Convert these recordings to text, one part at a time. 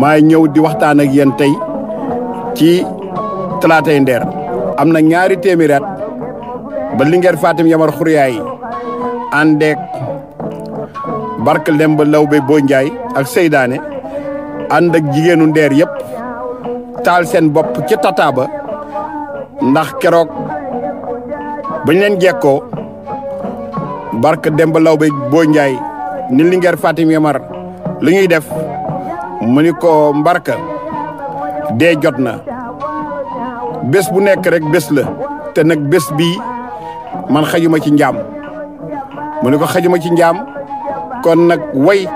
maay ñëw di waxtaan ak yéen tey ci talaatay ndeer am na ñaari téeméeri ba Linguère Fatim Yamar Xuryaay àndeek barke Demba Lawbe Bo Njaay ak Seydaane ànd ak jigéenu ndeer yëpp taal seen bopp ca tata ba ndax keroog bañ leen jekkoo bark Demba Lawbe Bo Njaay ni Linguère Fatim Yamar li ñuy def mu ni ko mbarka dee jot na bés bu nekk rek bés la te nag bés bii man xajuma ci njaam mu ni ko xajuma ci njaam kon nag way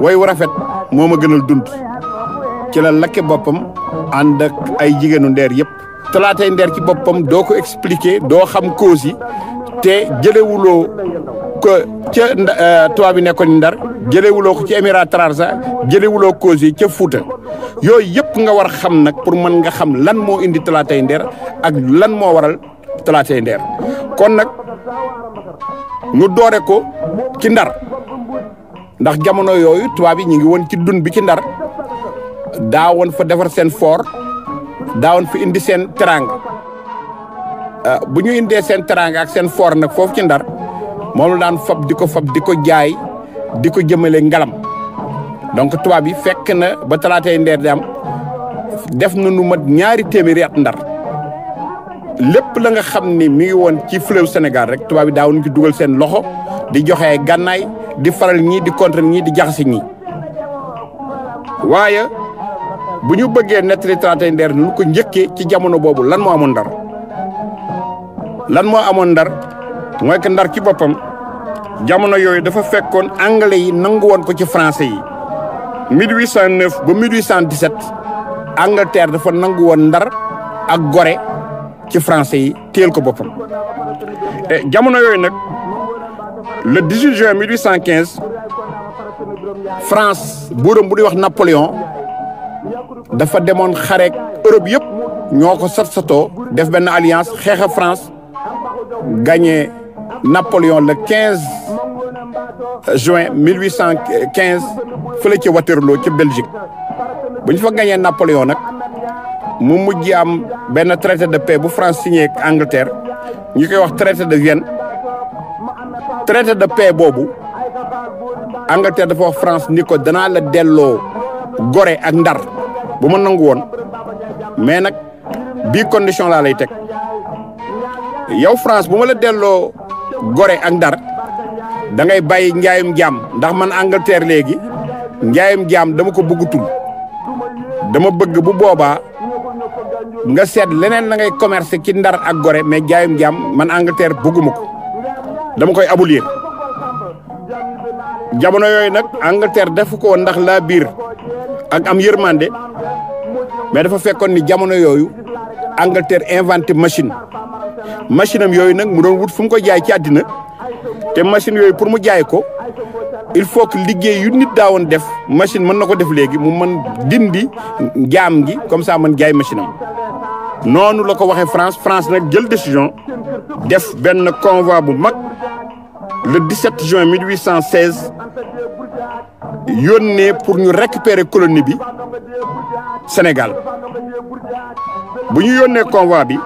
way wu rafet moo ma gënal dunt ci la lakke boppam ànd ay jigéenu ndeer yëpp talaatay ndeer ci boppam doo ko expliquer doo xam cause yi te jëlewuloo ko ca euh, tubaab yi nekkoon ndar jëlewuloo ko ci émirat trarsa jëlewuloo cause yi ca Fuuta yooyu yëpp nga war xam nag pour mën nga xam lan moo indi talaatay nder ak lan moo waral talaatay nder kon nag ñu doore ko ci ndar ndax jamono yooyu tubaab yi ñu ngi woon ci dun bi ci ndar daawoon fa defar seen fort daawoon fa indi seen teraanga euh, bu ñu indee seen teraanga ak seen fort nag foofu ci ndar moom la daan fab di ko fab di ko jaay di ko jëmale ngalam donc tubaab yi fekk na ba talaatay ndeer di am def na nu mat ñaari téeméeri at ndar lépp la nga xam ni mi ngi woon ci fleuve senegal rek tubaab yi daawuñu ci dugal seen loxo di joxe ay gànnaay di faral ñii di contre ñii di jaxase ñii waaye bu ñu bëggee nettali talaatay ndeer nu ko njëkkee ci jamono boobu lan moo amoon ndar lan moo amoon ndar mooy que ndar ci boppam jamono yooyu dafa fekkoon anglais yi nangu woon ko ci français yi 1809 ba 1817 Angleterre dafa nangu woon ndar ak gore ci français yi téel ko boppam jamono yooyu nag le 18 juin 1815 France buuram bu di wax Napoléon dafa demoon xareek Europe yëpp ñoo ko sat satoo def benn alliance xeex a France gagné Napoléon le 15 juin 1815 fële ci Waterloo ci Belgique bu ñu fa gañee Napoléon nag mu mujj am benn traité de paix bu France signé ak Angleterre ñu koy wax traité de Vienne traité de paix boobu Angleterre dafa wax France ni ko danaa la delloo gore ak Ndar bu ma nangu woon mais nag bi condition laa lay teg yow France bu ma la delloo gore ak ndar da ngay bàyyi njaayum jaam ndax man Angleterre léegi njaayum jaam dama ko bëggatul dama bëgg bu boobaa nga seet leneen la ngay commerce ci ndar ak gore mais njaayum jaam man Angleterre bëgguma ko dama koy abolir jamono yooyu nag Angleterre defu ko ndax laa biir ak am yërmande mais dafa fekkoon ni jamono yooyu Angleterre inventé machine machine am yooyu nag mu doon wut fu mu ko jaay ci àddina te machine yooyu pour mu jaay ko il faut que liggéey yu nit daawoon def machine mën na ko def léegi mu man dindi jaam gi comme sax man jaay machine noonu la ko waxee France France nag jël décision def benn convoi bu mag le 17 juin 1816 yónnee pour ñu récupérer colonie bi Sénégal bu ñu yónnee convoi bi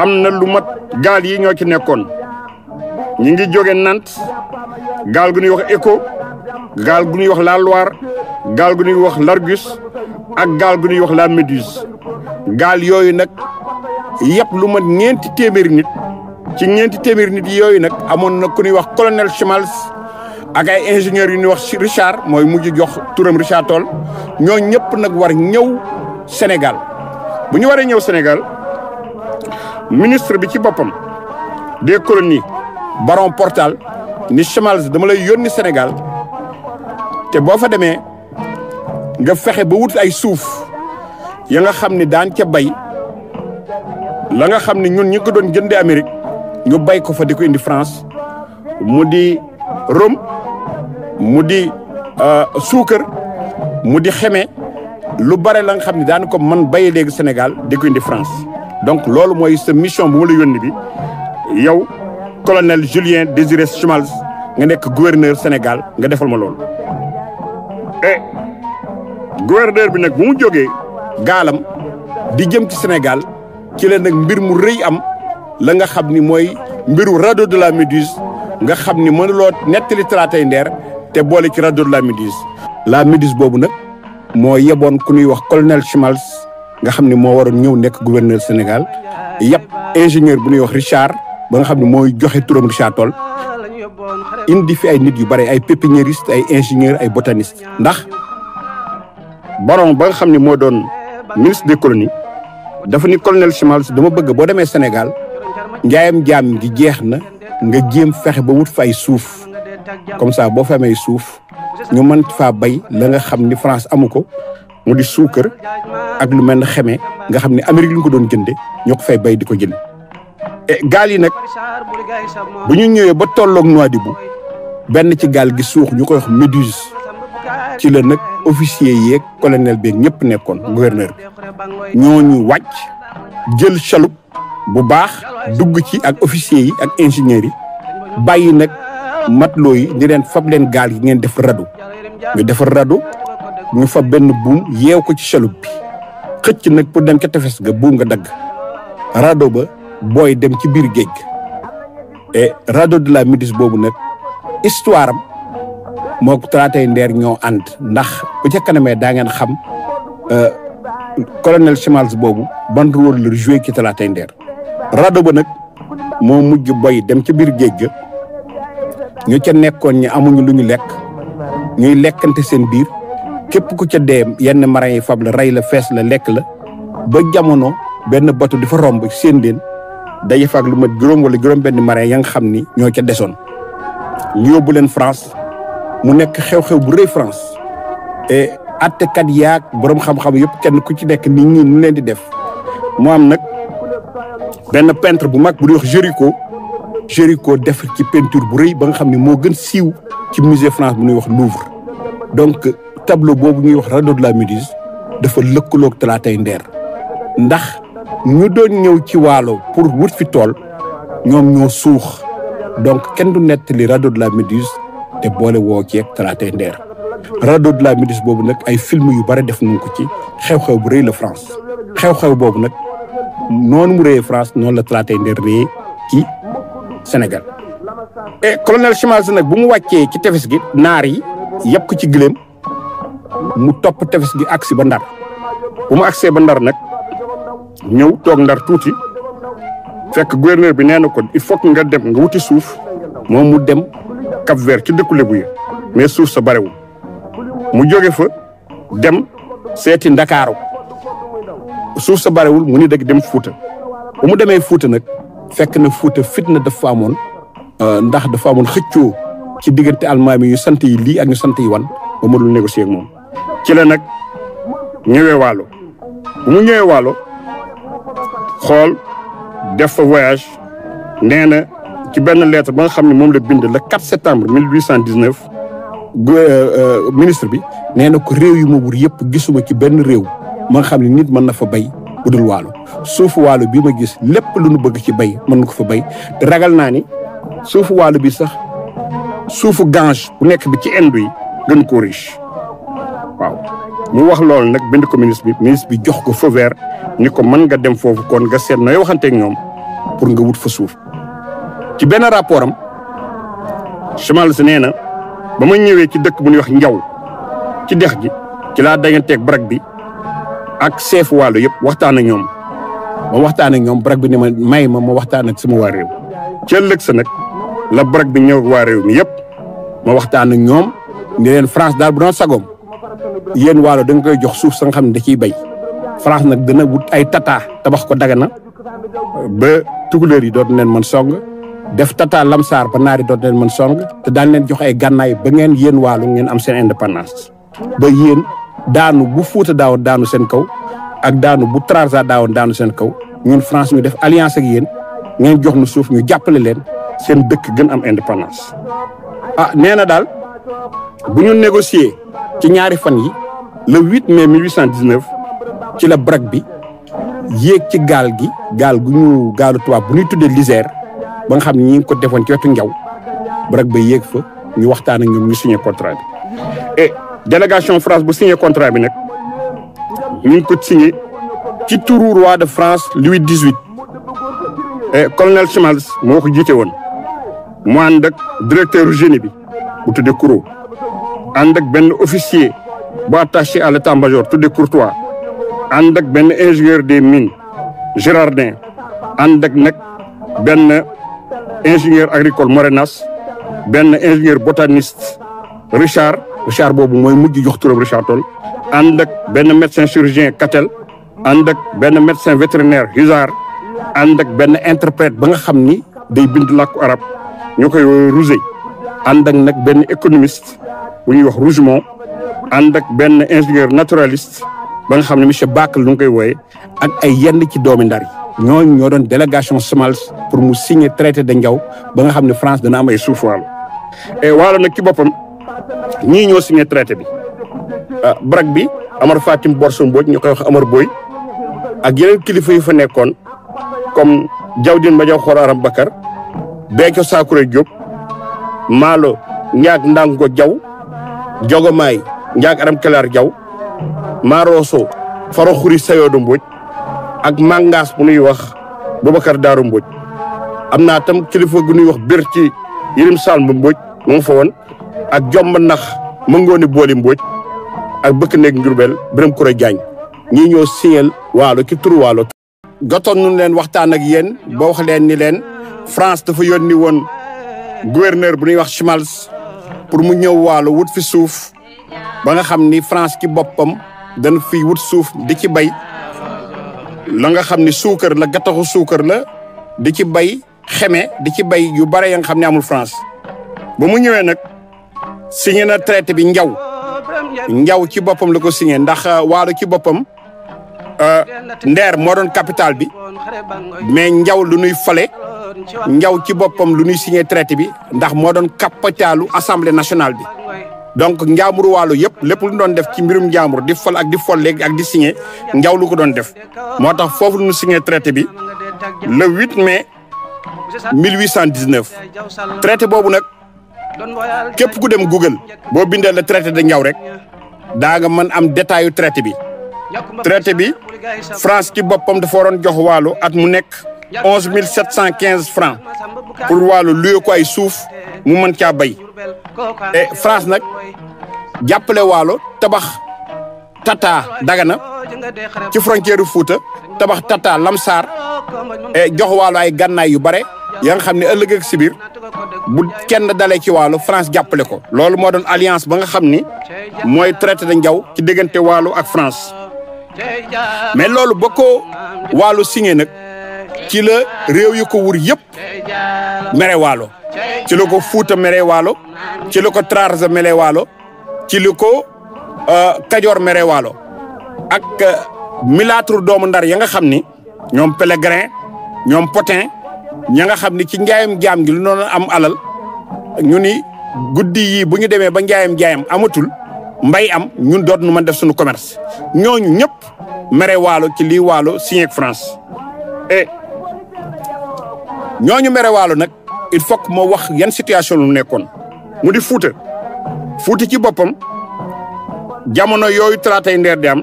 am na lu mat gaal yi ñoo ci nekkoon ñi ngi jóge Nantes gaal gu ñuy wax Echo gaal gu ñuy wax la Loire gaal gu ñuy wax l'Argus ak gaal gu ñuy wax la Méduse gaal yooyu nag yëpp lu mat ñeenti téeméeri nit ci ñeenti téeméeri nit yooyu nag amoon na ku ñuy wax colonel Schmalz ak ay ingénieurs yu ñuy wax Richard mooy mujj jox turam Richard Toll ñoo ñëpp nag war ñëw Sénégal bu ñu waree ñëw Sénégal ministre bi ci boppam des colonies baron Portal ni Chamal dama lay yónni senegal te boo fa demee nga fexe ba wut ay suuf ya nga xam ni daan ca bay la nga xam ni ñun ñi ko doon jëndee Amérique ñu bay ko fa di indi France mu di rhum mu di euh, suukar mu di xeme lu bare la nga xam ne daan ko man bay léegi Sénégal di ko indi France donc loolu mooy sa mission bu ma la yónni bi yow colonel Julien Désiré Schmaltz nga nekk gouverneur Sénégal nga defal ma loolu. et eh, gouverneur bi nag bu mu jógee gaalam di jëm ci Sénégal ci la nag mbir mu rëy am la nga xam ni mooy mbiru radeau de la Méduse nga xam ni mënuloo nettali talaatay ndeer te boole ci radeau de la Méduse. la Méduse boobu nag moo yeboon ku ñuy wax colonel Schmaltz. nga xam ne moo waroon ñëw nekk gouverneur Sénégal yàpp ingénieur bu ñuy wax Richard ba nga xam ne mooy joxe turam Richard Toll indi fi ay nit yu bare ay pépiniériste ay ingénieur ay botaniste ndax baron ba nga xam ne moo doon ministre des colonies dafa ni colonel Schmalz dama bëgg boo demee senegal njaayam jaam gi jeex na nga jéem fexe ba wut fay ay suuf comme ça boo fa amee suuf ñu mën faa bay la nga xam ni France amu ko mu di suukar ak lu mel ne xeme nga xam ne Amérique li ñu ko doon jënde ñoo ko fay bay di ko jël eh, gaal yi nag bu ñu ñëwee ba tolloog Nouadhibou benn ci gaal gi suux ñu ko wax méduse ci la nag officier yeeg colonel bi ñëpp nekkoon gouverneur bi ñooñu wàcc jël chaloupe bu baax dugg ci ak officiers yi ak ingénieurs yi bàyyi nag matelot yi ni leen fab leen gaal yi ngeen def rado ñu defar rado ñu fa benn buum yeew ko ci chaloupe bi xëcc nag pour dem ca tefes ga buum nga dagg rado ba booy dem ci biir géej ga rado de la Méduse boobu nag histoire moo ko traité ndeer ñoo ànd ndax bu ca kanamee daa ngeen xam euh, colonel Schmalz boobu ban rôle la joué ci traité ba nag moo mujj boy dem ci biir géej ga ñu ca nekkoon ñi amuñu lu ñu lekk ñuy lekkante seen biir képp ku ca dee yenn marin yi fab la rey la fees la lekk la ba jamono benn bato di fa romb seen leen daje fa lu mat juróom wala juróom benn marin ya nga xam ni ñoo ca desoon ñu yóbbu leen France mu nekk xew-xew bu rëy France et attekat yaag boroom xam-xam yëpp kenn ku ci nekk ni ñi nu leen di def moo am nag benn pentre bu mag bu nuy wax Géricault Géricault def ci peinture bu rëy ba nga xam ni moo gën siiw ci musée France bu ñuy wax Louvre donc tableau boobu ñuy wax radeau de la Méduse dafa lëkkaloog Talaatay Ndeer ndax ñu doon ñëw ci waalo pour wut fi tool ñoom ñoo suux donc kenn du nettali radeau de la Méduse te boole woo ceeg Talaatay Ndeer radeau de la Méduse boobu nag ay film yu bare def nañ ko ci xew-xew bu rëy la France xew-xew boobu nag noonu mu réyee France noonu la Talaatay Ndeer réyee ci Sénégal et colonel Chimase nag bu mu wàccee ci tefes gi naar yi yëpp ci gëléem mu topp tefes gi agsi ba ndar bu mu agsee ba ndar nag ñëw toog ndar tuuti fekk gouverneur bi nee na ko il faut nga dem nga wuti suuf moom mu dem Cap ci dëkku Lebu ya mais suuf sa barewul mu jóge fa dem seeti ndakaaru suuf sa barewul mu ni dëgg dem fuuta bu mu demee fuuta nag fekk na fuuta fitna dafa amoon euh, ndax dafa amoon xëccoo ci diggante almaami yu sant yi lii ak ñu sant yi wan ba mënul négocier ak moom ci la nag ñëwee waalo bu mu ñëwee waalo xool def fa voyage nee na ci benn lettre ba nga xam ne moom la bind le 4 septembre 1819 euh, euh, ministre bi nee na ko réew yu ma wër yëpp gisuma ci benn réew ma nga xam ne nit mën na fa bay bu dul waalo suufu waalo bi ma gis lépp lu nu bëgg ci bay mën na ko fa bay te ragal naa ni suufu waalo bi sax suufu gange bu nekk bi ci Inde yi gën koo riche waaw mu wax loolu nag bind ko ministre bi ministre bi jox ko feu vert ni ko mën nga dem foofu kon nga seet nooy waxanteeg ñoom pour nga wut fa suuf ci benn rapport am Chamal si nee na ba ma ñëwee ci dëkk bu ñuy wax njaw ci dex gi ci laa dayanteeg BRAC bi ak chef wàllu yëpp waxtaan ak ñoom ma waxtaan ak ñoom BRAC bi ne may ma ma waxtaan ak sama waa réew ci ëllëg sa nag la BRAC bi ñëw ak mi yëpp ma waxtaan ak ñoom ni France daal bu doon sagoom yéen waalo danga koy jox suuf sa nga xam ne da ciy bay France nag dana wut ay tata tabax ko Dagana ba tukulóor yi dootu leen mën song def tata lamsaar ba naari dootu leen mën song te daan leen jox ay gànnaay ba ngeen yéen waalo ngeen am seen indépendance ba yéen daanu bu Fuuta daawoon daanu seen kaw ak daanu bu Trarza daawoon daanu seen kaw ñun France ñu def alliance ak yéen ngeen jox nu suuf ñu jàppale leen seen dëkk gën am indépendance ah nee na daal bu ñu ci ñaari fan yi le 8 mai 1819 ci la braque bi yéeg ci gaal gi gaal gu ñu gaalu tubaab bu ñuy tuddee l'Isère ba nga xam ne ñi ngi ko defoon ci wetu njaw braque ba yéeg fa ñu waxtaan ak ñoom ñu signé contrat bi et délégation France bu signé contrat bi nag ñu ngi ko signé ci turu roi de France Louis XVIII et colonel Schmaltz moo ko jiite woon mu ànd ak directeur génie bi bu tuddee Kourou ànd ak benn officier bu attaché à l'état-major des Courtois ànd ak benn ingénieur des mines Gérardin ànd ak nag benn ingénieur agricole Morenas benn ingénieur botaniste Richard Richard boobu mooy mujj jox turam Richard Toll ànd ak benn médecin chirurgien Katel ànd ak benn médecin vétérinaire Hizar ànd ak benn interprète ba nga xam ni day bind làkku arab ñu koy Rousey ànd ak nag benn économiste bu ñuy wax Rougemont ànd ak benn ingénieur naturaliste ba nga xam ne monsieur Bakel lu koy wooye ak ay yenn ci doomi ndar yi ñooñu ñoo doon délégation SMALS pour mu signer traité de Ndiaw ba nga xam ne France dana amay ay suuf waalo et waalo nag ci boppam ñii ñoo signé traité bi ah, BRAC bi Amar Fatim Borso Mbodj ñu koy wax Amar Boy ak yeneen kilifa yu fa nekkoon comme Diawdine Madiaw Khor Aram Bakar Béthio Sacouré Diop Malo Ndiak Ndango Diaw jogomaay njaag aram kelaar jaw maarooso faro xuri sayoodu mbóoj ak màngaas bu nuy wax Boubacar Daaru mbóoj am naa tam kilifa gu nuy wax bir ci yirim sal bu mbóoj mu ngi fa woon ak jomb nax mëngooni booli mbóoj ak bëkk néeg njurbel biram kure jaañ ñii ñoo signal waalo ci tur waalo gotoon nun leen waxtaan ak yéen ba wax leen ni leen France dafa yónni woon gouverneur bu ñuy wax Schmalz pour mu ñëw waalo wut fi suuf ba nga xam ni France ci boppam dan fi wut suuf di ci bay la nga xam ni suukar la gattaxu suukar la di ci bay xeme di ci bay yu bare ya nga xam ne amul France ba mu ñëwee nag signé na traité bi njaw njaw ci boppam la ko signé ndax euh, waalo ci boppam euh, nder moo doon capitale bi mais njaw lu nuy fale njaw ci boppam lu ñuy signé traité bi ndax moo doon kapacaalu assemblée nationale bi donc njaamur waalo yëpp lépp lu doon def ci mbirum njaamur di fol ak di fol léegi ak di signé njaw lu ko doon def moo tax foofu lu ñu signé traité bi le 8 mai 1819 traité boobu nag képp ku dem Google boo bindee le traité de njaw rek daa nga mën am détail yu traité bi traité bi France ci boppam dafa waroon jox waalo at mu nekk onze mille sept cent quinze francs pour walo luye ko ay suuf mu mën caa bay et France nag jàppale waalo tabax tata dagana ci frontière fuuta tabax tata lamsaar e jox waalo ay gànnaay yu bare ya nga xam ne ëllëg ak si bu kenn dale ci waalo France jàppale ko loolu moo doon alliance ba nga xam ni mooy traité de njaw ci déggante walo ak France mais loolu ba ko waalo signé nag ci la réew yi ko wur yëpp mere waalo ci la ko fuuta mere walo ci la ko trarza mere walo ci la ko euh, kajoor mere walo ak euh, milatre doomu ndar ya nga xam ni ñoom pèlerin ñoom potin ña nga xam ni ci njaayam jaam gi lu noonu am alal ñu ni guddi yi bu ñu demee ba njaayam jaayam amatul mbay am ñun doot nu def suñu commerce ñooñu ñëpp mere waalo ci lii waalo signé France et ñooñu mere waalo nag il faut moo wax yan situation lu nekkoon mu di fuuta fuuti ci boppam jamono yooyu talaatay ndeer di am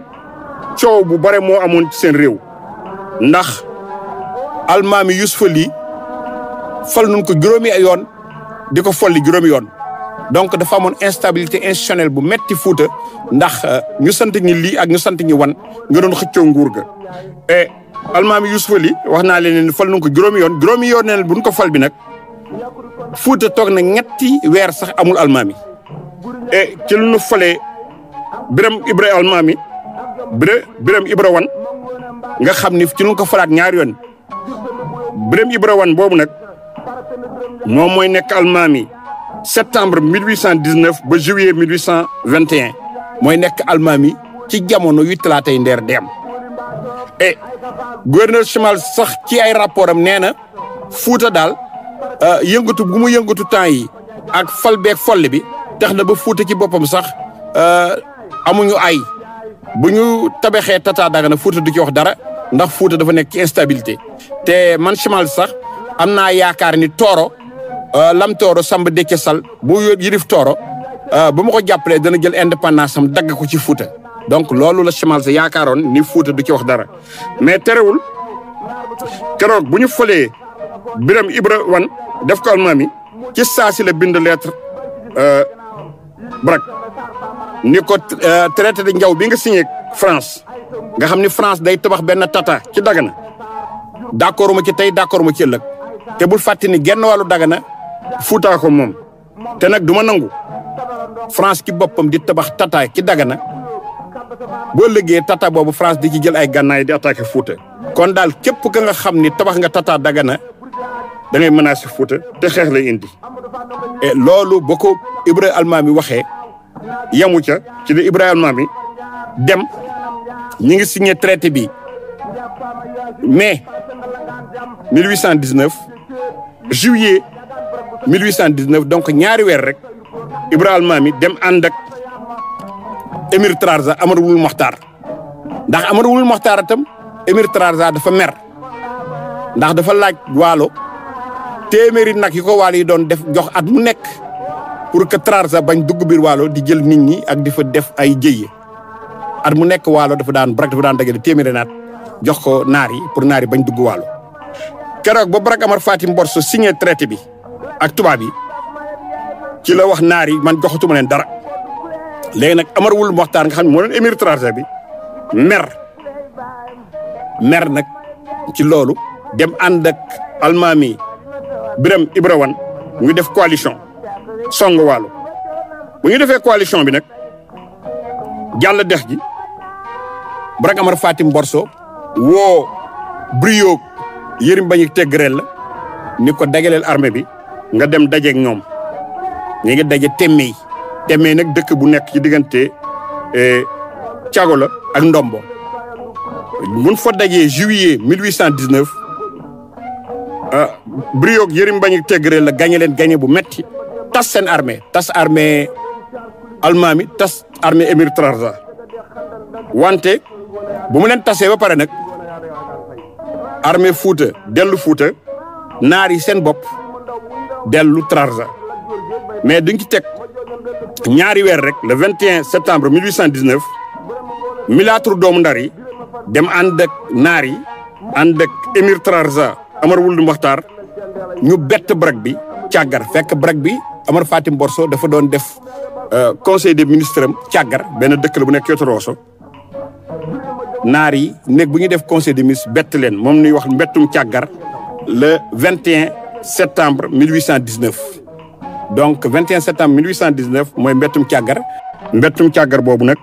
coow bu bare moo amoon ci seen réew ndax almaami Yusufa lii fal nun ko juróomi ay yoon di ko folli juróomi yoon donc dafa amoon instabilité institutionnelle bu metti fuuta ndax euh, ñu sant ñi lii ak ñu sant ñi wan nga doon xëccoo nguur ga almaami Youssouf Ali wax naa leen ne fal nañ ko juróomi yoon juróomi yoon neen buñ ko fal bi nag Fuuta toog na ñetti weer sax amul almaami e ci lu ñu falee Biram Ibra almaami Biram Biram Ibra Wan nga xam ni ci lu ñu ko falaat ñaari yoon Biram Ibra Wan boobu nag moom mooy nekk almaami septembre 1819 ba juillet 1821 mooy nekk almaami ci jamono yu talaatay ndeer dem et eh, gouverneur Chimal sax ci ay rapport am nee na Fuuta daal euh, yëngatu bu mu yëngatu temps yi ak fal beeg folle bi tax na ba Fuuta ci boppam sax euh, amuñu ay bu ñu tabaxee Tata na Fuuta du ci wax dara ndax Fuuta dafa nekk ci instabilité te man Chimal sax am naa yaakaar ni tooro euh, lam tooro Samba Déthié Sall bu yërif tooro ba ma ko jàppalee dana jël indépendance am dagg ko ci Fuuta donc loolu la Chamal sa yaakaaroon ni Fuuta du ci wax dara mais terewul keroog bu ñu fëlee Biram Ibra Wan def ko almaami ci saa si la bind lettre euh, Brak ni ko euh, traité de njaw bi nga signé France nga xam ni France day tabax benn tata ci Dagana d'accord ma ci tey d'accord ma ci ëllëg te bu fàtte ni genn wàllu Dagana Fuuta ko moom te nag duma nangu France ki boppam di tabax tataa ki Dagana boo liggéey tata boobu France di ci jël ay gànnaay di attaqué Fuuta kon daal képp ka nga xam ni tabax nga tata daggana da ngay menacé Fuuta te xeex lay indi et loolu boo ko Ibrahima Almaami waxee yamu ca ci la Ibrahima Almaami dem ñi ngi signé traité bi mai 1819 juillet 1819 donc ñaari weer rek Ibrahima Almaami dem ànd ak. émir Trarza Amar wul Moxtaar ndax Amar wul Moxtaar itam émir Trarza dafa mer ndax dafa laaj waalo téeméeri nag yi ko waalo yi doon def jox at mu nekk pour que Trarza bañ dugg biir waalo di jël nit ñi ak di fa def ay jëye at mu nekk waalo dafa daan Brak dafa daan da téeméeri naat jox ko naar yi pour naar yi bañ dugg waalo keroog ba Brak Amar Fatim Borso signé traité bi ak tubaab yi ci la wax naar yi man joxatuma leen dara. léegi nag Amar Wul Moxtaar nga xam ne moo doon émir tracé bi mer mer nag ci loolu dem ànd ak almaami Biram Ibrawan ñu def coalition song waalo bu ñu defee coalition bi nag jàll dex gi Brak Amar Fatim Borso woo Brioog Yërim Bañik Tegrel la ni ko dajaleel armée bi nga dem dajeeg ñoom ñu ngi daje temmey demee nag dëkk bu nekk ci diggante cago eh, la ak ndombo mun fa dajee juillet 1819 ah Brioog Yërim Mbañik Tegre la gañe leen gañe bu metti tas seen armée tas armée almaami tas armée émir Trarza wante bu mu leen tasee ba pare nag armée Fuuta dellu Fuuta naari yi seen bopp dellu Trarza mais duñ ci teg ñaari weer rek le 21 septembre 1819 milaatur doomu ndari dem ànd ak naari yi ànd ak émir Trarza Amar Wuld Moxtaar ñu bett brak bi càggar fekk brak bi Amar Fatim Borso dafa doon def euh, conseil des ministres am càggar benn dëkk la bu nekk Yotoroso naar yi nekk bu ñu def conseil des ministres bett leen moom ñuy wax mbettum càggar le 21 septembre 1819 donc 21 septembre 1819 mooy mbettum càggar mbettum càggar boobu nag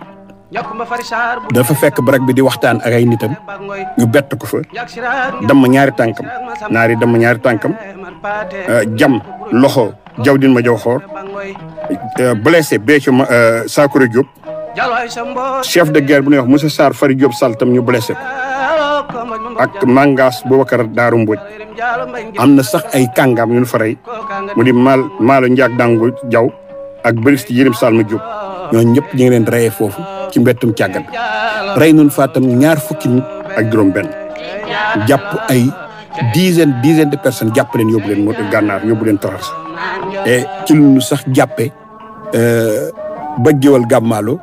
dafa fekk barak bi di waxtaan a ay nitam ñu bett ko fa dama ñaari tànkam naari dama ñaari tànkam euh, jam loxo jawdin ma jaw xoor euh, blessé Béthio ma euh, Sakura Diop chef de guerre bu ñuy wax Moussa sa Fari Diop Sall tam ñu blessé ko ak mangas Boubacar Daaru Mbodj am na sax ay kàngam yu ñu fa rey mu di maal maalo njaag dangu jaw ak bëris ci yërim salma Diop ñooñu ñëpp ñu ngi leen reyee foofu ci mbettum càggat rey nun fa tam ñaar fukki nit ak juróom benn jàpp ay dizaine dizaine de personnes jàpp leen yóbbu leen moo gànnaar yóbbu leen toxar te ci lu ñu sax jàppe euh, ba géwal gàmmaalo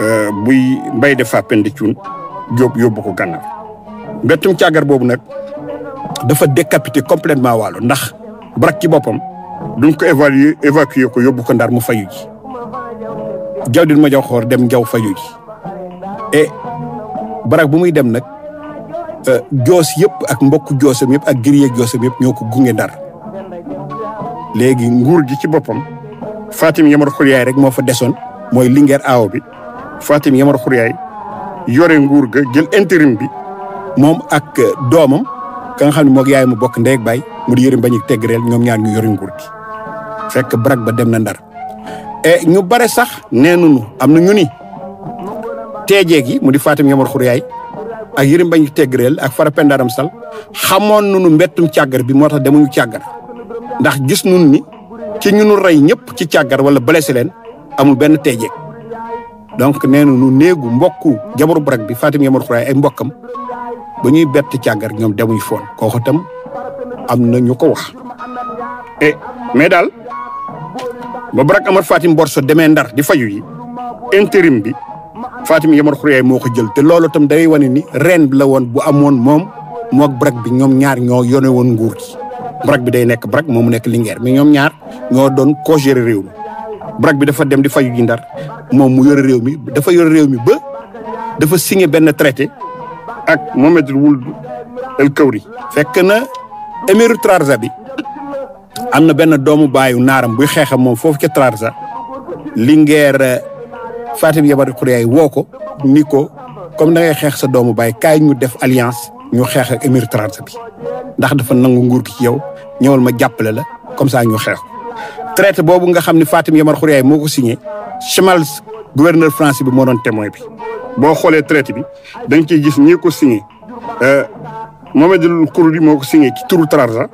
euh, buy mbay de fàppen di cuun Diop yóbbu ko gànnaar mbettum càggar boobu nag dafa décapité complètement waalo ndax brak ci boppam duñ ko évaluer évacuer ko yóbbu ko ndar mu fayu ji jaw din ma dem jaw fayu ji et barak bu muy dem nag euh, joos yëpp ak mbokk joosam yëpp ak gëriyeeg joosam yëpp ñoo ko gunge ndar léegi nguur gi ci boppam Fatim Yamar Xuryaay rek moo fa desoon mooy Linguère aaw bi Fatim Yamar Xuryaay yore nguur ga jël intérim bi moom ak euh, doomam ka nga xam ne moog yaay mu bokk ndeeg baay mu di yërim bañu tegreel ñoom ñaar ñu yori nguur gi fekk barak ba dem na ndar e ñu bare sax nee nañu am na ñu teeje gi mu di Fatim Yamar yaay ak yërim bañu teggreel ak Fara Pendaaram Sall xamoon nañu mbettum càggar bi moo tax demuñu càggar ndax gis nun ni ci ñunu rey ñëpp ci càggar wala blessé leen amul benn teejee donc nee nañu néegu mbokku jabaru barak bi Fatim Yamar Xuryaay ay mbokkam ba ñuy bett càggar ñoom demuñ foon kooku itam am na ñu ko wax. e mais daal Moubarak Amar Fatim Borso demee Ndar di fayu yi intérim bi Fatim Yamar Khouréye moo ko jël te loolu tam day wane ni ren la woon bu amoon moom moog Brak bi ñoom ñaar ñoo yone woon nguur gi. Brak bi day nekk Brak moom mu nekk Linguère mais ñoom ñaar ñoo doon ko gérer réew mi bi dafa dem di fayu yi Ndar moom mu yore réew mi dafa yore réew mi ba dafa signé benn traité. ak Mohamed Ould El Kawri fekk na émiru Trarza bi am na benn doomu baayu naaram buy xeex moom foofu ca Trarza Linguère euh, Fatim Yabar Xuriyaay woo ko ni ko comme da ngay xeex sa doomu baay kaay ñu def alliance ñu xeex ak émiru Trarza bi ndax dafa nangu nguur gi ci yow ñëwal ma jàppale la comme ça ñu xeex ko boobu nga xam ne Fatim Yabar Xuriyaay moo ko signé Chamals gouverneur france bi moo doon témoin bi boo xoolee traité bi da nga gis ñi ko signé euh, Mohamedou Kurdi moo ko signé ci turu Trarza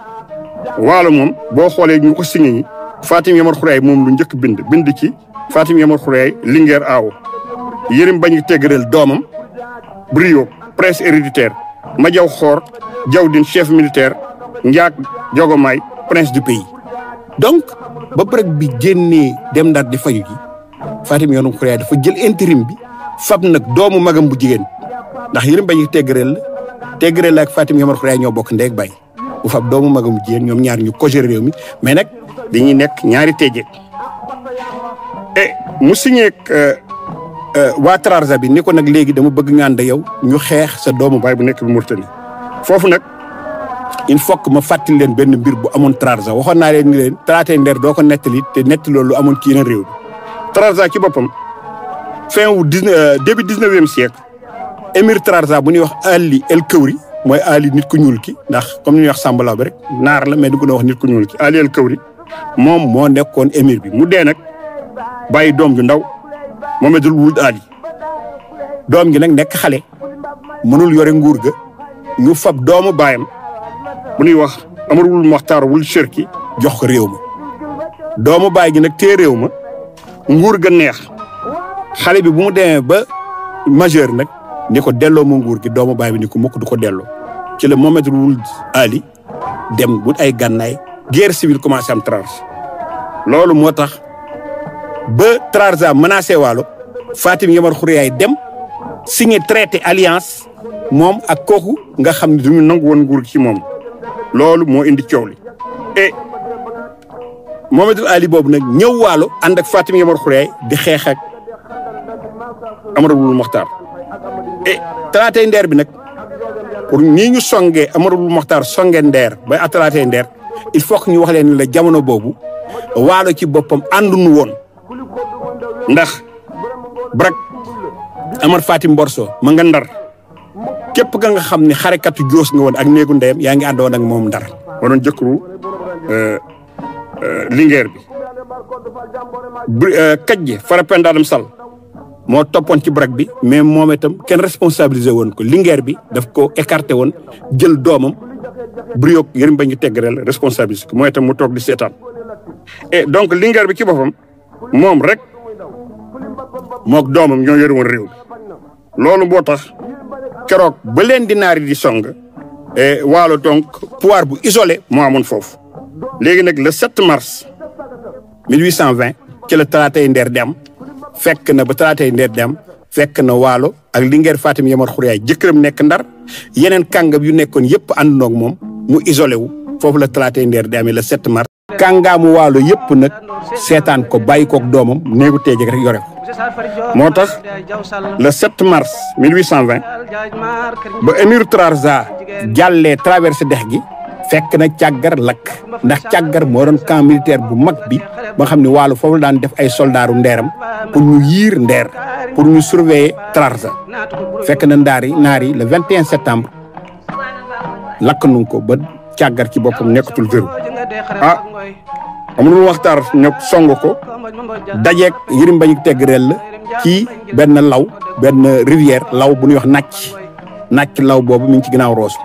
waalo moom boo xoolee ñu ko signé ñi Fatim Yamar Xuraay moom lu njëkk bind bind ci Fatim Yamar Xuraay Linguère aw Yërim Bañ Teggereel doomam Brio prince héréditaire ma jaw xoor Jawdin chef militaire Njaak Jogomaay prince du pays donc ba bërëg bi génnee dem Ndar di fayu ji Fatim Yamar Xuraay dafa jël intérim bi fab nag doomu magam bu jigéen ndax yërëm bañ teggareel la teggareel la ak Fatim Yamar Xuraay ñoo bokk ndeeg bay bu fab doomu magam bu jigéen ñoom ñaar ñu kojër réew mi mais nag dañuy nekk ñaari tejje e mu signé euh, euh, waa Trarza bi ni ko nag léegi dama bëgg ngaan da yow ñu xeex sa doomu baay bu nekk bi Mauritanie foofu nag il faut ma fàttali leen benn mbir bu amoon Trarza waxoon naa leen ni leen traité ndeer doo ko nettali te nettali loolu amoon ci yeneen réew bi Trarza ci boppam fin wu dix euh, début dix-neuvième siècle émir Trarza bu ñuy wax Ali El Kawri mooy Ali nit ku ñuul ki ndax comme nu ñuy wax Samba Laobé rek naar la mais du ko wax nit ku ñuul ki Ali El Kawri moom moo nekkoon émir bi mu dee nag bàyyi doom ju ndaw Mohamedul Wuld Ali doom gi nag nekk xale mënul yore nguur ga ñu fab doomu baayam bu ñuy wax Amarul Moxtaar wul ki jox ko réew ma doomu baay gi nag tee réew ma nguur ga neex. xale bi bu mu demee ba majeur nag ni ko delloo mu nguur gi doomu baay bi ni ko mukk du ko delloo ci la Mohamed Ould Ali dem wut ay gànnaay guerre civile commencé am loolu moo tax ba Trarza menacé waalo Fatim Yamar Khoureyaay dem signé traité alliance moom ak kooku nga xam ne duñu nangu woon nguur ci moom loolu moo indi coow li et Mohamed Ould Ali boobu nag ñëw waalo ànd ak Fatim Yamar Khoureyaay di xeex Amadou Mokhtar et eh, talaatay ndeer bi nag pour nii ñu songee Amadou Mokhtar songe ndeer ba à talaatay ndeer il faut que ñu wax leen la jamono boobu walo ci boppam ànduñu woon ndax brak Amar Fatim Borso ma nga ndar képp ka nga xam ni ne xarekatu joos nga woon ak néegu ndeyam yaa ngi àndoon ak moom ndar ma doon jëkkëru euh, euh, lingeer bi. bu euh, kàjj Farapenda Adam Sall moo toppoon ci BRAC bi mais moom itam kenn responsabilisé woon ko Linguère bi daf ko écarté woon jël doomam Brioc Yérim Mbay ñu teggareel responsabilisé ko mooy itam mu toog di seetaan et donc Linguère bi ci boppam moom rek mook doomam ñoo yor woon réew mi loolu boo tax keroog ba leen di naari di song e waalo donc pouvoir bu isolé moo amoon foofu léegi nag le 7 mars 1820 ci la talaatay ndeer di am fekk na ba talaatay ndeer dem fekk na waalo ak Linguère Fatim Yamar Xuryaay jëkkëram nekk ndar yeneen kàngam yu nekkoon yëpp àndandoog moom mu isolé wu foofu la talaatay ndeer di amee le 7 mars. kàngaamu waalo yëpp nag seetaan ko bàyyi koog doomam néegu tey jëg rek yore moo tax le 7 mars 1820 ba émir Trarza jàllee traversé dex gi. fekk na càggar lakk ndax càggar moo doon camp militaire bu mag bi ba xam ne waalo foofu daan def ay soldaaru ndeeram pour ñu yiir ndeer pour ñu surveiller Trarza fekk na ndaar yi naar vingt le 21 septembre lakk nañ ko ba càggar ci boppam nekkatul véru ah am lu waxtaar ño song ko dajeeg yërim bañu tegg rel la ci benn law benn rivière law bu ñuy wax nac nàcc law boobu mi ngi ci ginnaaw roosu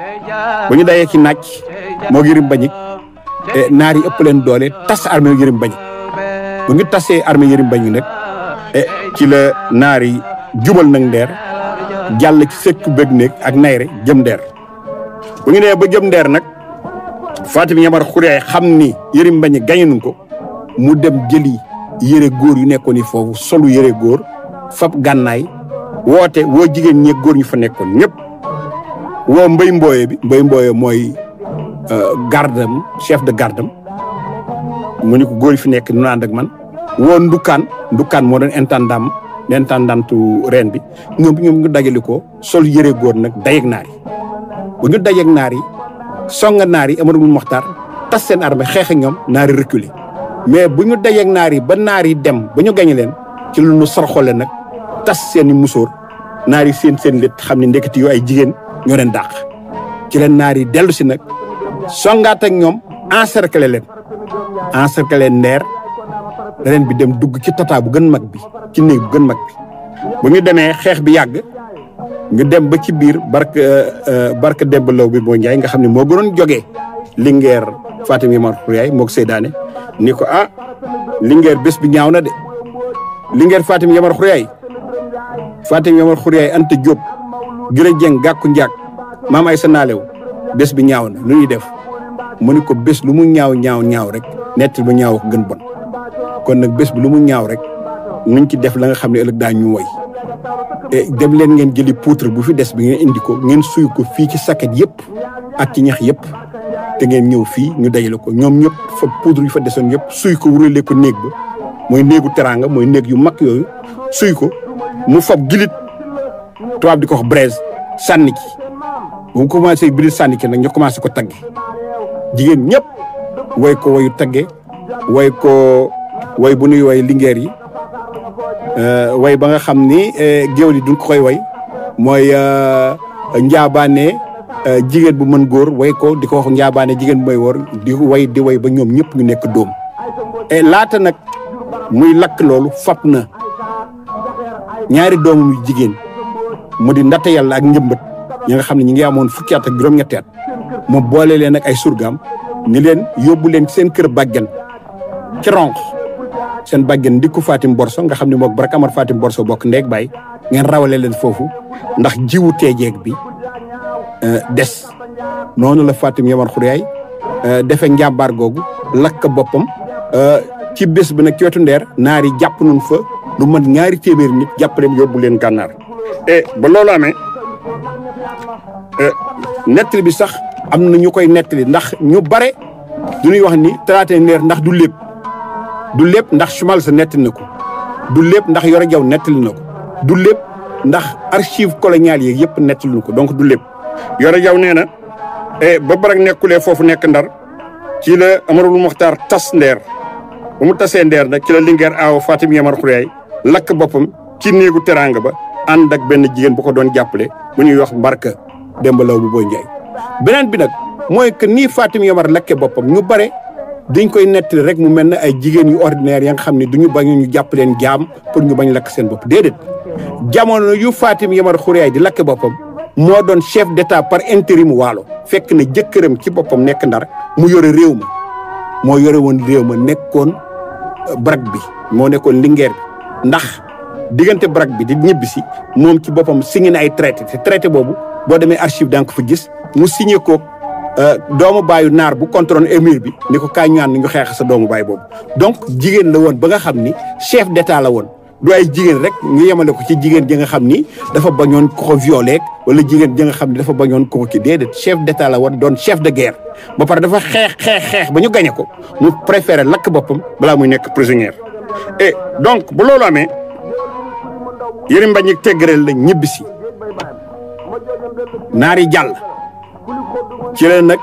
bu ñu dayee ci nàcc moo yërim bañik eh, naar yi ëpp leen doole tas armée yërim bañik bu ñu tasee armée yërim bañik nag eh, ci la naari jubal nag ndeer jàll ci sëkk bëgg néeg ak nayre jëm ndeer bu ba jëm ndeer nag Fatim Yamar Xuree xam ni yërim bañik gañe nañ ko mu dem jëli yëre góor yu nekkoon yi foofu solu yëre góor fab gànnaay woote woo jigéen ñi góor ñu fa nekkoon ñëpp wo mbay mbooye bi mbay mbooye mooy euh, gardam chef de gardam mu ni ko góor fi nekk nu ànd ak man woo ndukkaan ndukkaan moo doon intendant intendantu reen bi ñoom ñoom ñu dajale ko sol yëre góor nag dayeeg naar bu ñu dajeeg naar yi songa naar yi Amadou Mokhtar tas seen armée xeex ñoom naar yi reculer mais bu ñu dajeeg naar ba naar yi dem ba ñu gañe leen ci lu ñu sorxole nag tas seen i musóor naar yi seen seen létt xam ne ndeketi yoo ay jigéen ñoo leen dàq ci leen naar yi dellu si nag songaat ak ñoom encercler leen encercler ndeer bi dem dugg ci tata bu gën mag bi ci néeg bu gën mag bi bu ñu demee xeex bi yàgg nga dem ba ci biir barke euh, euh, barke Demba Law bi boo Njaay nga xam ne moo gënoon joge Linguère Fatim Yamar Yaay moo ko ni ko ah Linguère bés bu ñaaw na de Linguère Fatim Yamar Xuryaay Fatim Yamar Xuryaay Anta Diop Giré Dieng gàkku njaag maam ay sa naalew bés bi ñaaw na lu ñuy def mu ni ko bés lu mu ñaaw ñaaw ñaaw rek nettil bu ñaaw ko gën bon kon nag bés bi lu mu ñaaw rek nuñ ci def la nga xam ne ëllëg daa ñu woy e, dem leen ngeen jëli poutre bu fi des bi ngeen indi ngeen suy ko fii ci saket yëpp ak ci ñax yëpp te ngeen ñëw fii ñu dajale ko ñoom ñëpp fa poudre yu fa desoon yëpp suy ko wurale ko néeg ba mooy néegu teraanga mooy néeg yu mag yooyu suy ko mu fab tubaab di ko wax braise sànni ci bu commencé biri sànni ci nag ñu commencé ko tagge jigéen ñëpp way ko wayu tagge way ko way bu nuy way lingeer yi euh, way ba nga xam ni euh, géwél yi duñ ko koy way mooy euh, njaabaane jigéen bu mën góor way ko di ko wax jigéen bu may wóor di way ba ñoom ñëpp ñu nekk dóom et laata nag muy lakk loolu fab na ñaari doomam yu jigéen mu di ndatte yàlla ak njëmbat ñi nga xam ne ñi ngi amoon fukki at juróom-ñetti at mu boole leen ak ay surgaam ni leen yóbbu leen ci seen kër bàggen ci ronq seen bàggen ndikku Fatim Borso nga xam ne mook Barak Amar Fatim Borso bokk ndeeg baay ngeen rawale leen foofu ndax jiwu te teejeeg bi euh, des noonu la Fatim Yamar Xuryaay euh, defe njàmbaar googu lakk boppam euh, ci bés bi nag ci ndeer naari jàpp nun fa lu mën ñaari téeméeri nit jàpp leen yóbbu leen gànnaar e ba loolu eh, nettil bi sax am na ñu koy nettali ndax ñu bare du ñuy wax ni talaata leer ndax du lépp du lépp ndax sumal sa nettali na ko du lépp ndax Yoro Jaw nettali na ko du lépp ndax archive coloniale yi yëpp nettali na ko donc du lépp. Yoro Jaw nee na eh, ba Barak nekkulee foofu nekk ndar ci la Amarul Moxtaar tas ndeer ba mu tasee ndeer nag ci la Linguère aaw Fatim Yamar Xuraay lakk boppam ci néegu teraanga ba. ànd ak benn jigéen bu ko doon jàppale bu ñuy wax mbarka Demba Law bu Boy Ndiaye beneen bi nag mooy que nii Fatim Yamar lakke boppam ñu bare dañ koy nettali rek mu mel ne ay jigéen yu ordinaire ya nga xam ne duñu bañ ñu jàpp leen jaam pour ñu bañ lakk seen bopp déedéet jamono yu Fatim Yamar Xuraay di lakke boppam moo doon chef d'état par intérim waalo fekk na jëkkëram ci boppam nekk ndar mu yore réew ma moo yore woon réew ma nekkoon barak bi moo nekkoon lingeer ndax diggante brak bi di ñibbi si moom ci boppam si na ay traité te traité boobu boo demee archive da nga ko gis mu signé ko euh, doomu baayu naar bu contrôle émir bi ni ko kaay ñaan ñu xeex sa doomu baay boobu. donc jigéen la woon ba nga xam ni chef d'état la woon du ay jigéen rek ñu yemale ko ci jigéen ji nga xam ni dafa bañoon ko ko violé wala jigéen ja nga xam ni dafa bañoon ko ko kii déedéet chef d'état woon doon chef de guerre ba pare dafa xeex xeex ba ñu gañe ko mu préféré lakk boppam balaa muy nekk prisonnière yëri mbañ ak teggareel la naari jàll ci leen nag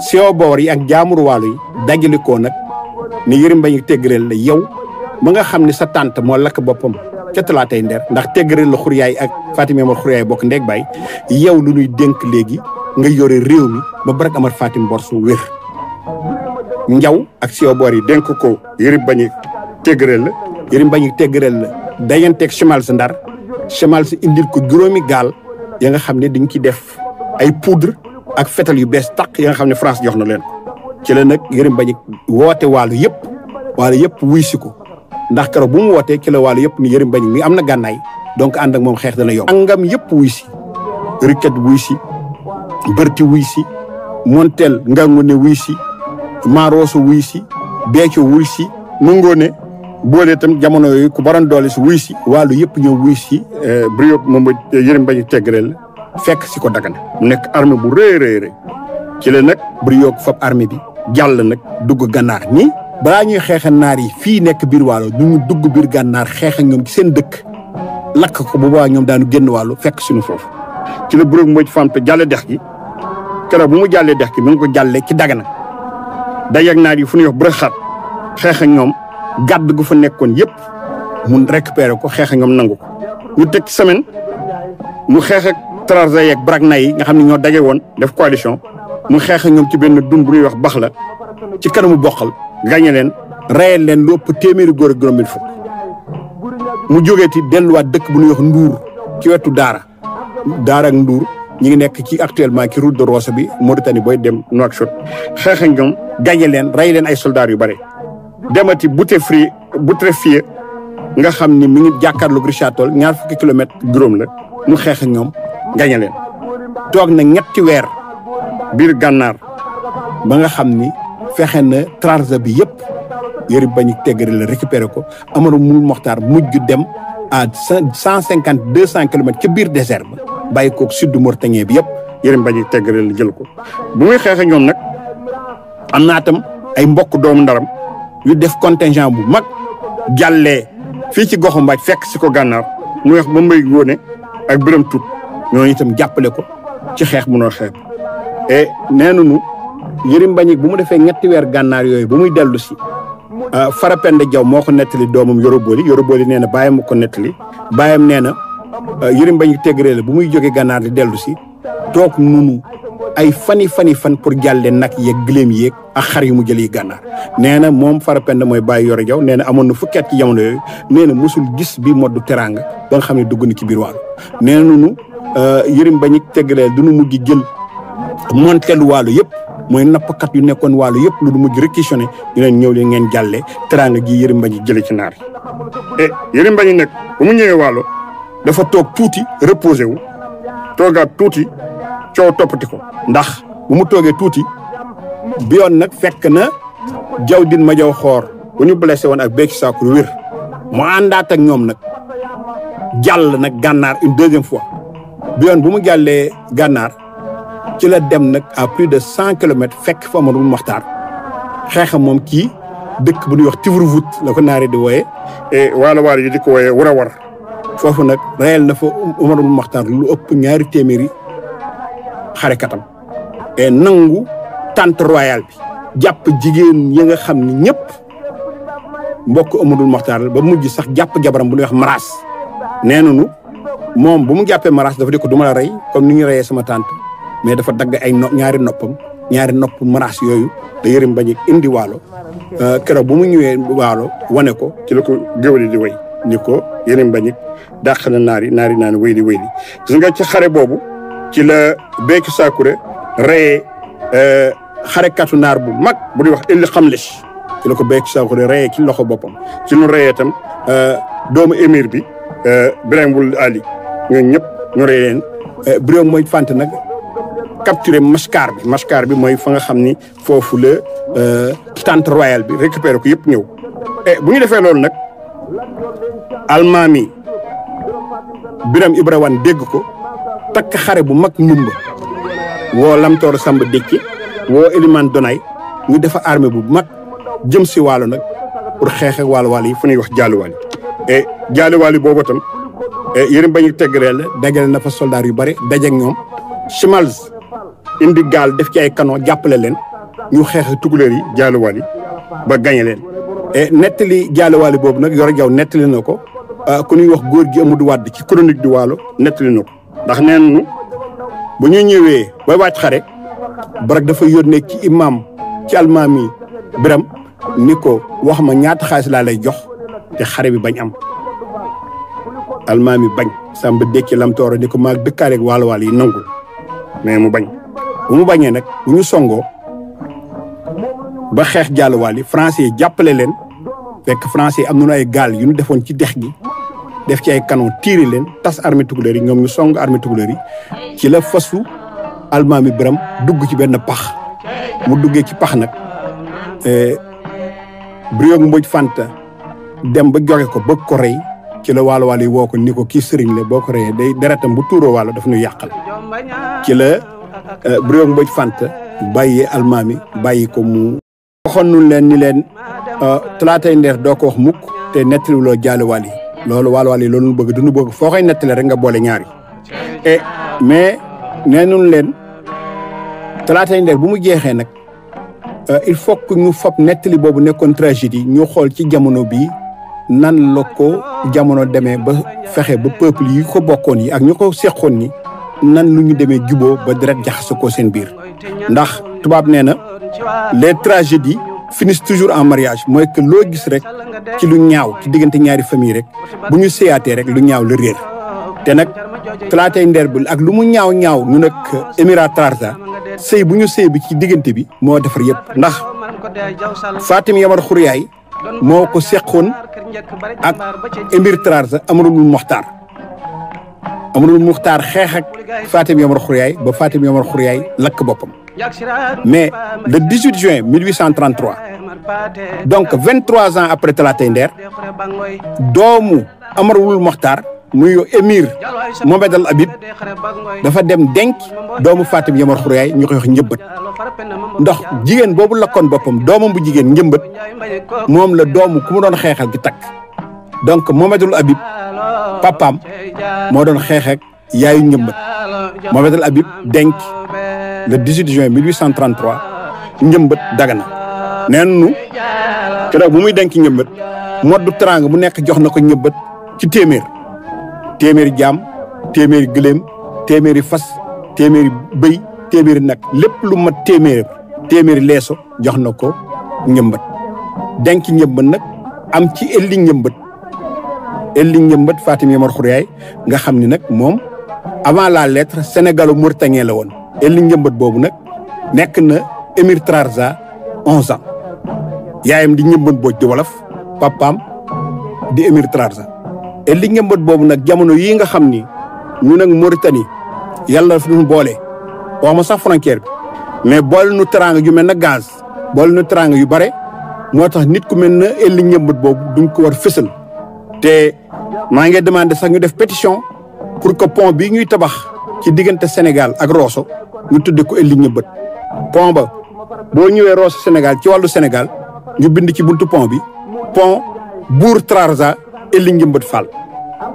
sio boor yi ak jaamur waalo yi dajalikoo nag ni yëri mbañ ak teggareel la yow ma nga xam ni sa tànt moo lakk boppam ca talaatay nder ndax teggareel la xuryaay ak Fatima Amar xuryaay bokk ndeeg baay yow lu ñuy dënk léegi nga yore réew mi ba Barak Amar Fatim Borso wér njaw ak sio boor yi dénk ko yëri mbañ ak teggareel la yëri mbañ ak teggareel la dayanteeg chemal si ndar chemal si indil ko juróomi gaal ya nga xam ne dañ ci def ay poudre ak fetal yu bees tàq ya nga xam ne France jox na leen ci la nag Yërim Bañik woote waalu yëpp waalu yëpp wuy si ko ndax keroog bu mu wootee ci la waalu yëpp ni Yërim Bañik mi am na gànnaay donc ànd ak moom xeex dana yomb. angam yëpp wuy si Riquet wuy si Berti wuy si Montel Ngangone wuy si Maroso wuy si Bécco wuy si Mangone boole itam jamono yooyu ku baroon doole si wuy si wàllu yëpp ñëw wuy si eh, Brioc moom eh, ba yërëm bañu teggreel fekk si ko Dagana mu nekk armée bu rëy rëy rëy ci la nag Brioc fa armée bi jàll nag dugg gànnaar ni balaa ñuy xeexa naar yi fii nekk biir waalo ñu mu dugg gànnaar xeexa ñoom ci seen dëkk lakk ko bu boobaa ñoom daanu génn wàllu fekk suñu foofu ci la Brioc Mbodj fam te jàlle dex gi keroog bu mu jàllee dex gi mu ngi ko jàllee ci Dagana dajeeg naar yi fu ñuy wax bërëxaat xeexa ñoom gàdd gu fa nekkoon yëpp mun récupéré ko xeex ngam nangu ko ñu teg semaine mu xeex ak Trarza yeeg Bragna yi nga xam ne ñoo daje woon def coalition mu xeex ak ñoom ci benn dun bu ñuy wax bax la ci kanamu bokkal gàññe leen reyal leen lu ëpp téeméeri góor ak juróom-benn fukk mu jógeeti delluwaat dëkk bu ñuy yox Nduur ci wetu Daara Daara ak Nduur ñi ngi nekk ci actuellement ci route de Rosso bi Mauritanie booy dem Nouakchott xeex ak ñoom gàññe leen rey leen ay soldaar yu bare demati Boutefri Boutefri nga xam ni mi ngi jàkkaarloog Richard Toll ñaar fukki kilomètre juróom la mu xeex ñoom gañe toog na ñetti weer biir gànnaar ba nga xam ni fexee na transa bi yëpp yëri bañ teggari la récupéré ko Amadou Mul Moxtaar mujj dem à cent cinquante deux cent kilomètres ci biir désert ba bàyyi koog sud Mauritanie bi yëpp yërim bañu teggari la jël ko bu muy xeex ñoom nag am naatam ay mbokk doomu ndaram ñu def contingent bu mag jàllee fii ci goxu Mbaaj fekk si ko gànnaar mu wax ba mbay ngóone ak biram tut ñoo itam jàppale ko ci xeex bu noo xeex et nee nañu Yërim Mbañik bu mu defee ñetti weer gànnaar yooyu ba muy dellu si ah, Farapende Jaw moo ko nettali doomam Yoroboli Yoroboli nee na bàyyam ko nettali bàyyam nee na ah, Yërim Mbañik Tégré la bu muy joge gànnaar di dellusi toog nunu ay fani fani fan pour jàlle nag yeeg gëléem yeeg xar yu mu jëlee gànnaar nee na moom Farapenda mooy Baye Yoro Jaw nee na amoon na fukki at ci yooyu nee na mosul gis bi moddu teraanga ba nga xam ne dugg na ci biir waalo nee nunu euh, yërim ba ñu teggaleel du nu mujj jël monteel waalo yëpp mooy nappkat yu nekkoon waalo yëpp lu du mujj réquisitionné ñu leen ñëw leen ngeen jàlle teraanga gi yërim ba ñu jëlee ci naar yi e yërim ba ñu nekk bu ñëwee waalo dafa toog tuuti reposé wu coow toppati ko ndax bu mu toogee tuuti bi nag fekk na jaw din ma jaw xoor bu ñu blessé woon ak Beki Sakhour wér mu àndaat ak ñoom nag jàll nag gànnaar une deuxième fois bi bu mu jàllee gànnaar ci la dem nag à plus de cent kilomètres fekk fa Amadou Mokhtar xeexam moom kii dëkk bu ñuy wax Tivravout la ko naari di wooyee eh, walo waalo yi di ko wooyee war a foofu nag reyal na fa Amadou Mokhtar lu ëpp ñaari téeméeri katam e nangu tante royale bi jàpp jigéen yi nga xam ne ñëpp mbokk amadul moxtaar ba mujj sax jàpp jabaram bu ñuy wax maraas nee nañu moom bu mu jàppee maraas dafa di ko du ma la rey comme ni ñu reyee sama tante mais dafa dagg ay ñaari noppam ñaari nopp maraas yooyu da yërim bañ indi waalo euh, keroog bu mu ñëwee waalo wane ko ci la ko di way ni ko yërim bañ dàq na naari naari naan wéy di wéy nga ci xare boobu ci la Béki Sakure reyee euh, xarekatu naar bu mag bu ñuy wax Illi Xamlis ci la ko Béki Sakure reyee ci loxo boppam ci lu reyee itam euh, doomu émir bi euh, Birame Wul Ali ñooñu ñëpp ñu rey leen mooy fànte nag capturé mascar bi mascar bi mooy fa nga xam ni foofu la tente royale bi récupéré ko yëpp ñëw e bu ñu defee loolu nag almaami Birame Ibra Wan dégg ko takk xare bu mag ndumba woo lamtoor samba décci woo éliman donay ñu defa armée bu mag jëm si waalo nag pour xeexe ak waalo waalo yi fu ñuy wax jaaluwaal yi et jaaluwaal yi boobu tam e yërim bañu teggreel la dajale na fa soldaar yu bare daje ak ñoom chimals indi gaal def ci ay canon jàppale leen ñu xeex tukuleer yi jaaluwaal yi ba gañe leen et nettali jaaluwaal yi boobu nag Yoro Jaw nettali na ko ah ku ñuy wax góor gi amudu wàdd ci chronique du waalo nettali na ko ndax neen nu bu ñu ñëwee bay wàcc xare barak dafa yónnee ci imam ci almaam yi biram ni ko wax ma ñaata xaalis laa lay jox te xare bi bañ am almaam yi bañ sàmb dékki lam tooro ni ko maag dëkkaareeg waalo waal yi nangul mais mu bañ bu mu bañee nag bu ñu songoo ba xeex jàlluwaal yi français yi jàppale leen fekk français yi am nañu ay gaal yu ñu defoon ci dex gi def ci ay canon tiire leen tas armée tukulóor yi ñoom ñu song armée tukulóor ci la fasu almaami biram dugg ci benn pax mu duggee ci pax nag eh, Briogue mboj Fanta dem ba joxe ko bëgg ko rey ci la walo waalo yi woo ko ni ko kii sëriñ la boo ko reyee day deretam bu tuuro waalo dafa ñu yàqal ci la eh, Briogue Mbodj Fanta bàyyee almaami bàyyi ko mu waxoon nu leen ni leen eh, talaatay ndeer doo ko wax mukk te nettaliwuloo jaaliwaal yi loolu waalo waalo yi bëgg duñu bëgg foo koy nettale rek nga boole ñaari e mais nee nañu leen talaata ndeer bu mu jeexee nag e, il faut que ñu fob nettali boobu nekkoon tragédie ñu xool ci jamono bii nan la ko jamono demee ba fexe ba peuple yi ko bokkoon yi ak ñu ko seqoon ñi nan lu ñu demee juboo ba deret jaxasoo ko seen biir ndax tubaab nee na les tragédies finissent toujours en mariage mooy que loo gis rek ci lu ñaaw ci diggante ñaari famille rek bu ñu seyaatee rek lu ñaaw la réer te nag talaatay ndeer bi ak lu mu ñaaw ñaaw ñu nag émirat tarta sey bu ñu sëy bi ci diggante bi moo defar yëpp ndax Fatim Yamar Xuryaay moo ko seqoon ak émir tarta amarul Moxtaar Amadou Muxtaar xeex ak Fatim Yomar Xuryaay ba Fatim Yomar Xuryaay lakk boppam mais le 18 juin 1833 donc 23 ans après Talatay Ndeer doomu Amarul Muxtaar muy émir Mohamed Al Habib dafa dem denc doomu Fatim Yomar Xuryaay ñu koy wax njëbbat ndax jigéen boobu lakkoon boppam doomam bu jigéen njëmbat moom la doomu ku mu doon xeexal di takk donc Mohamedul Habib papaam moo doon xeex ak yaayu njëmbat Mohamed El Habib denc le 18 juin 1833 njëmbat Dagana neen nu keroog bu muy denc njëmbat moddu teraanga bu nekk jox na ko njëmbat ci téeméer téeméeri jaam téeméeri gëléem téeméeri fas téeméeri bëy téeméeri nag lépp lu mat téeméer téeméeri leeso jox na ko njëmbat denk njëmbat nag am ci ëlli njëmbat Elli Njëmbat Fatim Yamar Khouryaye nga xam ni nag moom avant la lettre sénégalo-mauritanien la woon Elli Njëmbat boobu nag nekk na Émir Trarza onze ans yaayam di Njëmbat Booj di wolof papaam di Émir Trarza Elli Njëmbat boobu nag jamono yii nga xam ni ñu nag Mauritanie yàlla fi ñu boole wax ma sax frontière bi mais boole nu teraanga yu mel na gaz bool nu teraanga yu bare moo tax nit ku mel na Elli Njëmbat boobu duñ ko war fësal te maa ngi demandé sax ñu def pétition pour que pont bi ñuy tabax ci diggante Sénégal ak Rosso ñu tudde ko El Hadj bët ba boo ñëwee Rosso Sénégal ci wàllu senegal ñu bind ci buntu pont bi pont Bour Trarza El Hadj bët Fall.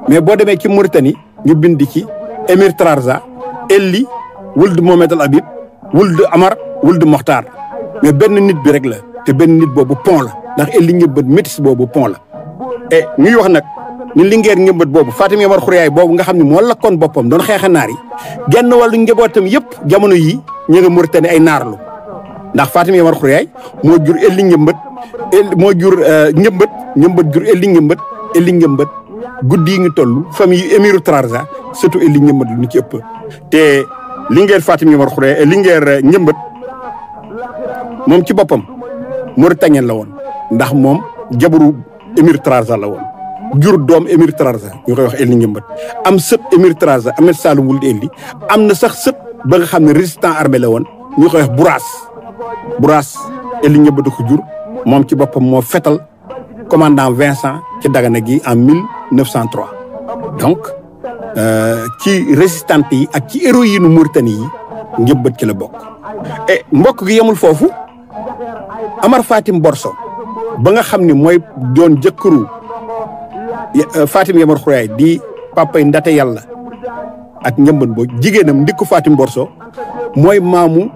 mais boo demee ci Mauritanie ñu bind ci Émir Trarza Elli wuld Mohamed El Habib wuld Amar wuld Mokhtar mais benn nit bi rek la te benn nit boobu pont la ndax El Hadj bët boobu pont la et ñuy wax nag. ni lingeer njëmbat boobu Fatim Yamar Xuriyaay boobu nga xam ne moo lakkoon boppam doon xeexa naar yi genn wàllu njabootam yëpp jamono yi ñu nga Mauritanie ay naarlu ndax Fatim mi Xuriyaay moo jur Elli moo jur euh, njëmbat njëmbat jur Elli njëmbat Elli njëmbat guddi yi ngi toll famille yu émiru Trarza surtout Elli njëmbat lu ñu ci ëpp te lingeer Fatim Yamar Xuriyaay lingeer euh, njëmbat moom ci boppam Mauritanien la woon ndax moom jabaru émir Trarza la woon jur doom Émir Trarza ñu koy wax Ely Njëmbat am sët Émir Trarza Ahmed Saloum wul Ely am na sax sët ba nga xam ne résistant armé la woon ñu koy wax Bouraas Bouraas Ely Njëmbat ko jur moom ci boppam moo fetal commandant Vincent ci Dagana gi en 1903 donc euh, ci résistante yi ak ci héroïne nu Mauritanie yi Njëmbat ci la bokk. et mbokk gi yemul foofu Amar Fatim Borso ba nga xam ni mooy doon jëkkëru. Eh, Fatim Yamar Xuraay di papay Ndate Yàlla ak Njëmban Mbooj jigéenam ndikku Fatim Borso mooy maamu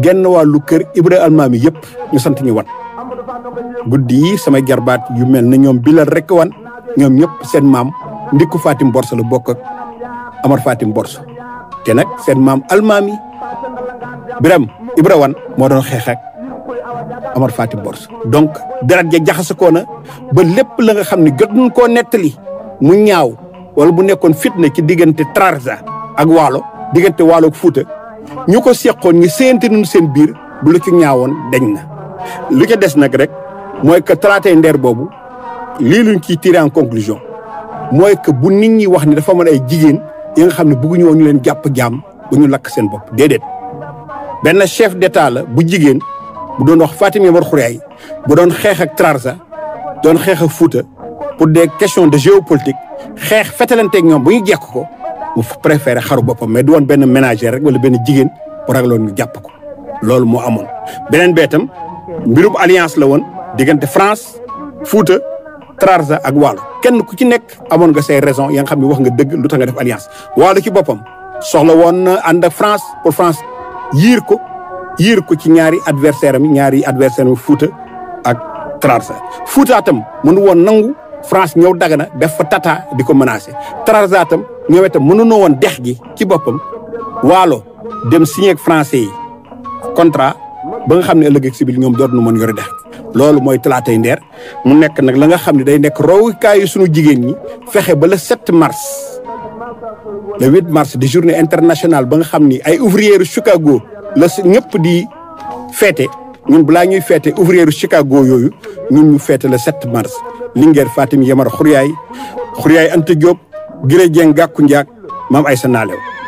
genn wàllu kër Ibra Almaami yëpp ñu sant ñu wan guddi yi samay jarbaat yu mel na ñoom bilal rek wan ñoom ñëpp seen maam ndikku Fatim Borso la bokk ak Amar Fatim Borso te nag seen maam Almaami Biram Ibra wan moo doon xeex Amar Fati Bors donc deret ja jaxasakoo na ba lépp la nga xam ne jot koo nettali mu ñaaw wala bu nekkoon fitna ci diggante Trarza ak waalo diggante waalo ak Fuuta ñu ko seqoon ñu séente nañ seen biir bu lu ci ñaawoon dañ na lu ca des nag rek mooy que traité ndeer boobu lii luñ ciy tiré en conclusion mooy que bu nit ñi wax ni dafa mën ay jigéen yi nga xam ne bëgguñu ñu leen jàpp jaam bu ñu lakk seen bopp déedéet benn chef d'état bu jigéen bu doon wax Fatim Yamar Khouraye bu doon xeex ak Trarza doon xeex ak Fouta pour des questions de géopolitique xeex fetalanteeg ñoom bu ñu jekku ko mu préféré xaru boppam mais du woon benn ménagère rek wala benn jigéen bu ragloon ñu jàpp ko loolu moo amoon. beneen beetam mbirum alliance la woon diggante France Fouta Trarza ak Waalo kenn ku ci nekk amoon nga say raison ya nga xam ne wax nga dëgg lu tax nga def alliance Waalo ci boppam soxla woon ànd France pour France yiir ko. yër ko ci ñaari adversaire am ñaari adversaire am Fouta ak trasa Fouta tam mënu woon nangu France ñëw Dagana def fa tata di ko menacer Trarza tam ñëwee tam mënunoo woon dex gi ci boppam waalo dem signé ak français yi contrat ba nga xam ne ëllëg ak sibil ñoom dootuñu mën yore dex loolu mooy talaatay indeer mu nekk nag la nga xam ne day nekk roowukaayu suñu jigéen ñi fexe ba le 7 mars le 8 mars di journée internationale ba nga xam ni ay ouvriers Chicago la ñëpp di feete ñun balaa ñuy feete ouvrier u Chicago yooyu ñun ñu feete le 7 mars Linguère Fatim Yamar Xuryaay Xuryaay Anta Diop Giré Dieng Gàkku Njaak maam sa Naalew